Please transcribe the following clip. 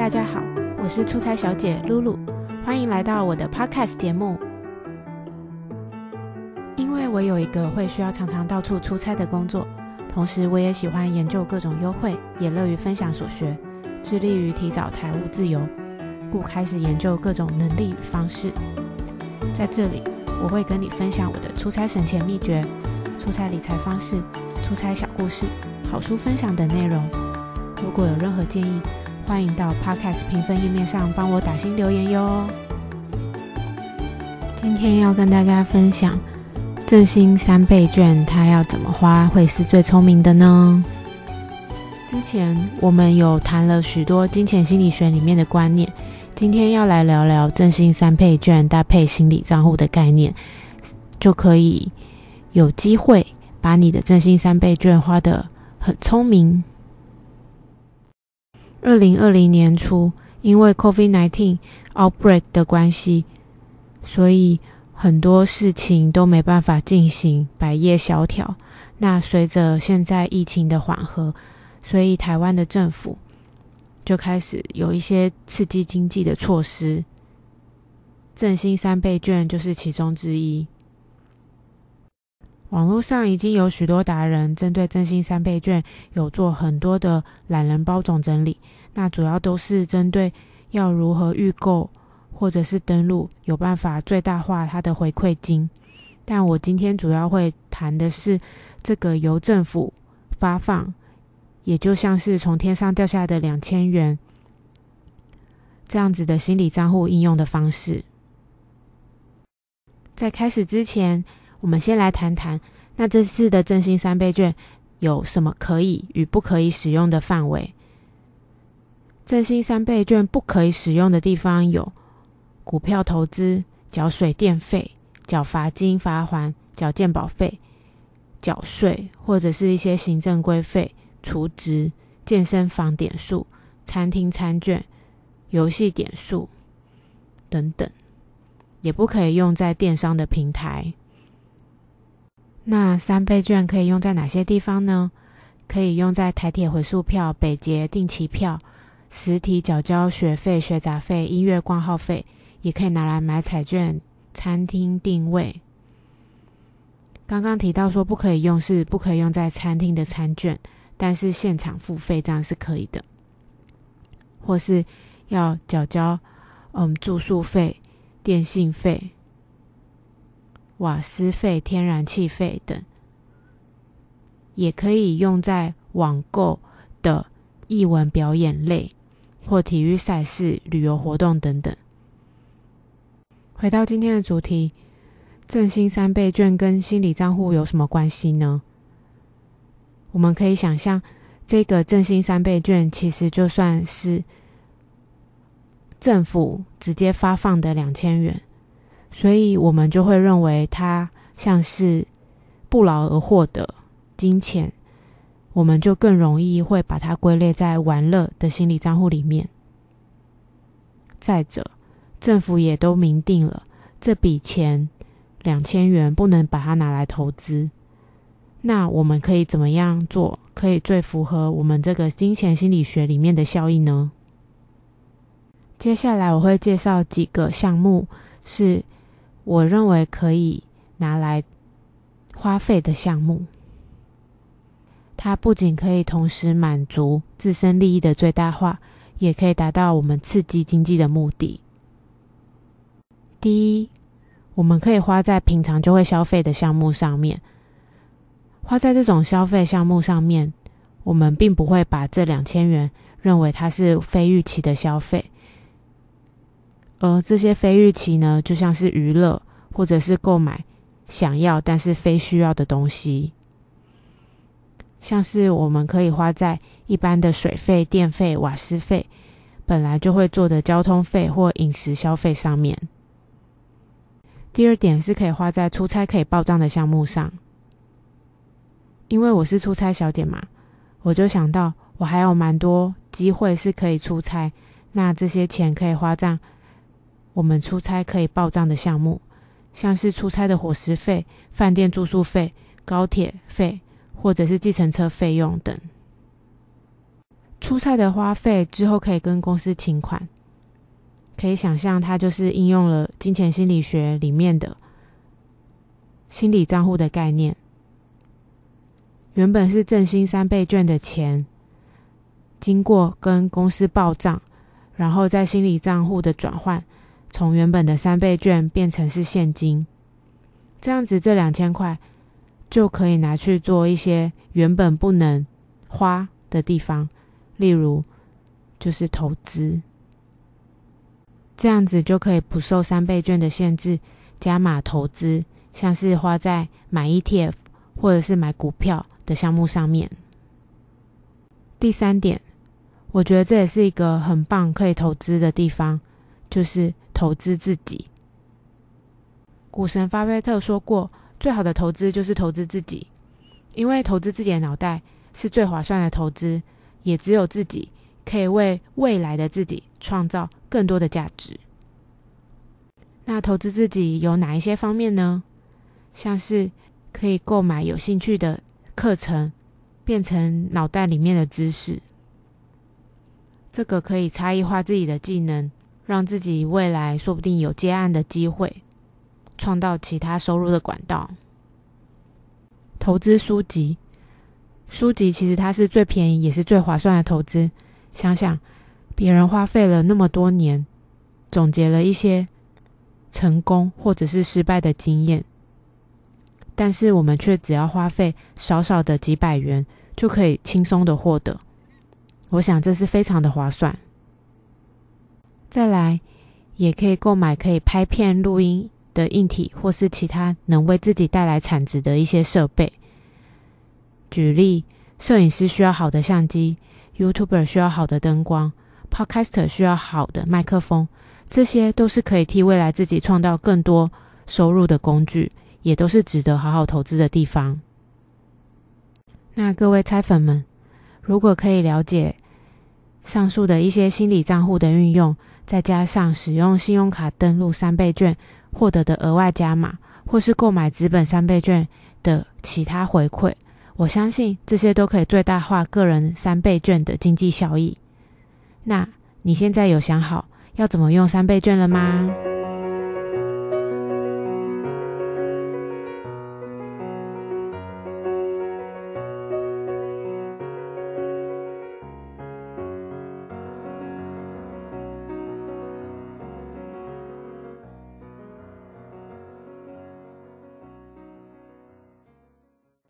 大家好，我是出差小姐露露，歡迎來到我的 podcast 節目。因為我有一個會需要常常到處出差的工作，同時我也喜歡研究各種優惠，也樂於分享所學，致力於提早財務自由，故開始研究各種能力與方式。在這裡，我會跟你分享我的出差省錢秘訣、出差理財方式、出差小故事、好書分享等內容。如果有任何建議，歡迎到 Podcast 評分頁面上幫我打星留言喲。今天要跟大家分享振興三倍券，它要怎麼花會是最聰明的呢？之前我們有談了許多金錢心理學裡面的觀念，今天要來聊聊振興三倍券搭配心理賬戶的概念，就可以有機會把你的振興三倍券花得很聰明。二零二零年初，因為 COVID-19 outbreak 的關係，所以很多事情都沒辦法進行，百業蕭條，那隨着現在疫情的緩和，所以台灣的政府就開始有一些刺激經濟的措施，振興三倍券就是其中之一。網絡上已經有許多達人針對“振興三倍券”有做很多的懶人包總整理，那主要都是針對要如何預購或者是登錄有辦法最大化它的回饋金。但我今天主要會談的是這個由政府發放，也就像是從天上掉下來的兩千元這樣子的心理賬戶應用的方式。在開始之前。我們先來談談，那這次的振興三倍券有什麼可以與不可以使用的範圍？振興三倍券不可以使用的地方有：股票投資、繳水電費、繳罰金罰鍰、繳健保費、繳稅，或者是一些行政規費、儲值、健身房點數、餐廳餐券、遊戲點數等等，也不可以用在電商的平台。那三倍券可以用在哪些地方呢？可以用在台鐵回數票、北捷定期票、實體繳交學費、學雜費、醫院掛號費，也可以拿來買彩券、餐廳訂位。剛剛提到說不可以用，是不可以用在餐廳的餐券，但是現場付費這樣是可以的，或是要繳交嗯住宿費、電信費。瓦斯費、天然氣費等，也可以用在網購的藝文表演類或體育賽事、旅遊活動等等。回到今天的主題，振興三倍券跟心理賬戶有什麼關係呢？我們可以想象，這個振興三倍券其實就算是政府直接發放的兩千元。所以，我們就會認為它像是不勞而獲的金錢，我們就更容易會把它歸類在玩樂的心理賬戶裡面。再者，政府也都明定了這筆錢兩千元不能把它拿來投資，那我們可以怎麼樣做，可以最符合我們這個金錢心理學裡面的效應呢？接下來我會介紹幾個項目是。我認為可以拿來花費的項目，它不僅可以同時滿足自身利益的最大化，也可以達到我們刺激經濟的目的。第一，我們可以花在平常就會消費的項目上面，花在這種消費項目上面，我們並不會把這兩千元認為它是非預期的消費。而這些非預期呢，就像是娛樂或者是購買想要但是非需要的東西，像是我們可以花在一般的水費、電費、瓦斯費，本來就會做的交通費或飲食消費上面。第二點是可以花在出差可以報賬的項目上，因為我是出差小姐嘛，我就想到我還有蠻多機會是可以出差，那這些錢可以花在。我們出差可以報賬的項目，像是出差的伙食費、飯店住宿費、高鐵費，或者是計程車費用等。出差的花費之後可以跟公司請款。可以想象，它就是應用了金錢心理學裡面的心理賬戶的概念。原本是振興三倍券的錢，經過跟公司報賬，然後在心理賬戶的轉換。從原本的三倍券變成是現金，這樣子這兩千塊就可以拿去做一些原本不能花的地方，例如就是投資，這樣子就可以不受三倍券的限制，加碼投資，像是花在買 ETF 或者是買股票的項目上面。第三點，我覺得這也是一個很棒可以投資的地方，就是。投資自己。股神巴菲特說過：“最好的投資就是投資自己，因為投資自己的腦袋是最划算的投資，也只有自己可以為未來的自己創造更多的價值。”那投資自己有哪一些方面呢？像是可以購買有興趣的課程，變成腦袋裡面的知識，這個可以差異化自己的技能。讓自己未來說不定有接案的機會，創造其他收入的管道。投資書籍，書籍其實它是最便宜也是最划算的投資。想想，別人花費了那麼多年，總結了一些成功或者是失敗的經驗，但是我們卻只要花費少少的幾百元，就可以輕鬆的獲得。我想這是非常的划算。再來，也可以購買可以拍片、錄音的硬體，或是其他能為自己帶來產值的一些設備。舉例，攝影師需要好的相機，YouTuber 需要好的燈光，Podcaster 需要好的麥克風，這些都是可以替未來自己創造更多收入的工具，也都是值得好好投資的地方。那各位拆粉們，如果可以了解。上述的一些心理賬戶的運用，再加上使用信用卡登錄三倍券獲得的額外加碼，或是購買紙本三倍券的其他回饋，我相信這些都可以最大化個人三倍券的經濟效益。那你現在有想好要怎麼用三倍券了嗎？